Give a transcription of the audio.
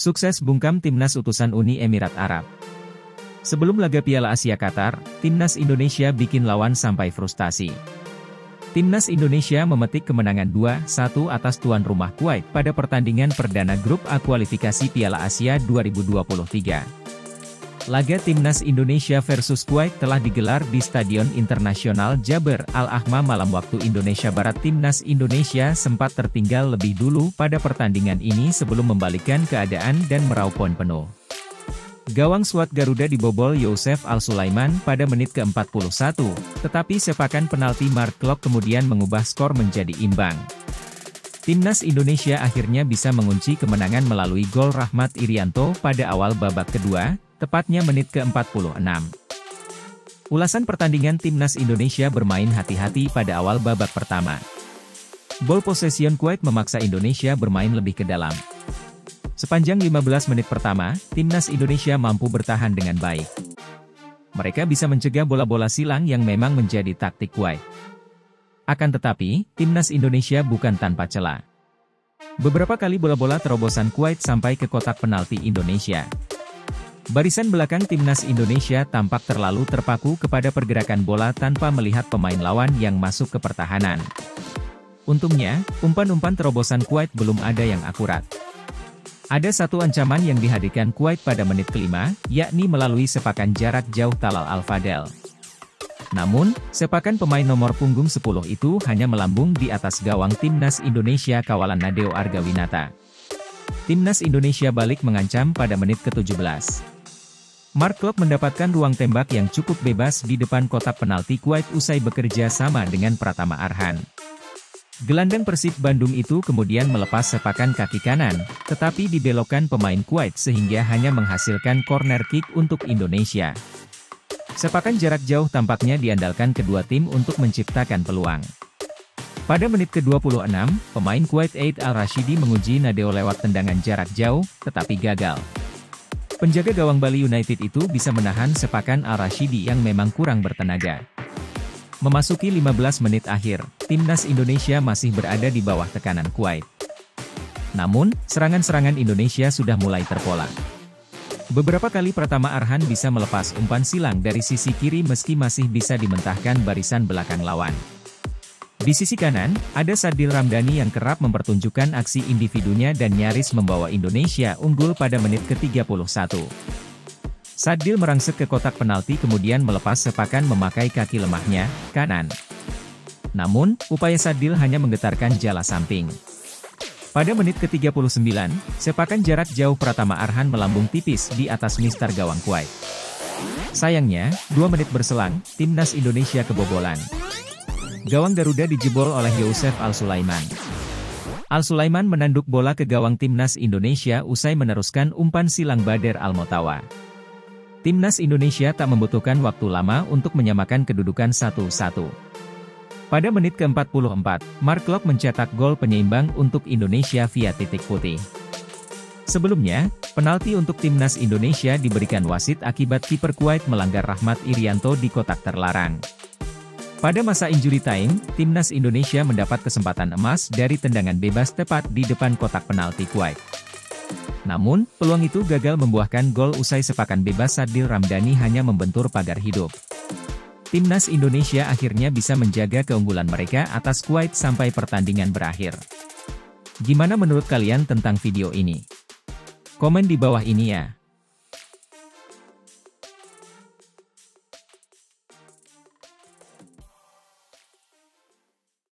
Sukses bungkam timnas utusan Uni Emirat Arab. Sebelum laga Piala Asia Qatar, timnas Indonesia bikin lawan sampai frustasi. Timnas Indonesia memetik kemenangan 2-1 atas tuan rumah Kuwait pada pertandingan perdana grup A kualifikasi Piala Asia 2023. Laga Timnas Indonesia versus Kuwait telah digelar di Stadion Internasional Jabar Al-Ahma malam waktu Indonesia Barat. Timnas Indonesia sempat tertinggal lebih dulu pada pertandingan ini sebelum membalikkan keadaan dan meraup poin penuh. Gawang Swat Garuda dibobol Yosef Al-Sulaiman pada menit ke-41, tetapi sepakan penalti Mark Klok kemudian mengubah skor menjadi imbang. Timnas Indonesia akhirnya bisa mengunci kemenangan melalui gol Rahmat Irianto pada awal babak kedua, tepatnya menit ke-46. Ulasan pertandingan Timnas Indonesia bermain hati-hati pada awal babak pertama. Ball possession Kuwait memaksa Indonesia bermain lebih ke dalam. Sepanjang 15 menit pertama, Timnas Indonesia mampu bertahan dengan baik. Mereka bisa mencegah bola-bola silang yang memang menjadi taktik Kuwait. Akan tetapi, Timnas Indonesia bukan tanpa celah. Beberapa kali bola-bola terobosan Kuwait sampai ke kotak penalti Indonesia. Barisan belakang timnas Indonesia tampak terlalu terpaku kepada pergerakan bola tanpa melihat pemain lawan yang masuk ke pertahanan. Untungnya, umpan-umpan terobosan Kuwait belum ada yang akurat. Ada satu ancaman yang dihadirkan Kuwait pada menit kelima, yakni melalui sepakan jarak jauh Talal Al-Fadel. Namun, sepakan pemain nomor punggung 10 itu hanya melambung di atas gawang timnas Indonesia kawalan Nadeo Argawinata. Timnas Indonesia balik mengancam pada menit ke-17. Mark Klopp mendapatkan ruang tembak yang cukup bebas di depan kotak penalti Kuwait usai bekerja sama dengan Pratama Arhan. Gelandang Persib Bandung itu kemudian melepas sepakan kaki kanan, tetapi dibelokkan pemain Kuwait sehingga hanya menghasilkan corner kick untuk Indonesia. Sepakan jarak jauh tampaknya diandalkan kedua tim untuk menciptakan peluang. Pada menit ke-26, pemain Kuwait Aid Al-Rashidi menguji Nadeo lewat tendangan jarak jauh, tetapi gagal. Penjaga gawang Bali United itu bisa menahan sepakan Al-Rashidi yang memang kurang bertenaga. Memasuki 15 menit akhir, timnas Indonesia masih berada di bawah tekanan Kuwait. Namun, serangan-serangan Indonesia sudah mulai terpola. Beberapa kali pertama Arhan bisa melepas umpan silang dari sisi kiri meski masih bisa dimentahkan barisan belakang lawan. Di sisi kanan, ada Sadil Ramdhani yang kerap mempertunjukkan aksi individunya dan nyaris membawa Indonesia unggul pada menit ke-31. Sadil merangsek ke kotak penalti kemudian melepas sepakan memakai kaki lemahnya, kanan. Namun, upaya Sadil hanya menggetarkan jala samping. Pada menit ke-39, sepakan jarak jauh Pratama Arhan melambung tipis di atas mistar gawang Kuwait. Sayangnya, dua menit berselang, timnas Indonesia kebobolan. Gawang Garuda dijebol oleh Yosef Al-Sulaiman. Al-Sulaiman menanduk bola ke gawang timnas Indonesia usai meneruskan umpan silang Bader Al-Motawa. Timnas Indonesia tak membutuhkan waktu lama untuk menyamakan kedudukan 1-1. Pada menit ke-44, Mark Klopp mencetak gol penyeimbang untuk Indonesia via titik putih. Sebelumnya, penalti untuk timnas Indonesia diberikan wasit akibat kiper Kuwait melanggar Rahmat Irianto di kotak terlarang. Pada masa injury time, timnas Indonesia mendapat kesempatan emas dari tendangan bebas tepat di depan kotak penalti Kuwait. Namun, peluang itu gagal membuahkan gol usai sepakan bebas Sadil Ramdhani hanya membentur pagar hidup. Timnas Indonesia akhirnya bisa menjaga keunggulan mereka atas Kuwait sampai pertandingan berakhir. Gimana menurut kalian tentang video ini? Komen di bawah ini ya.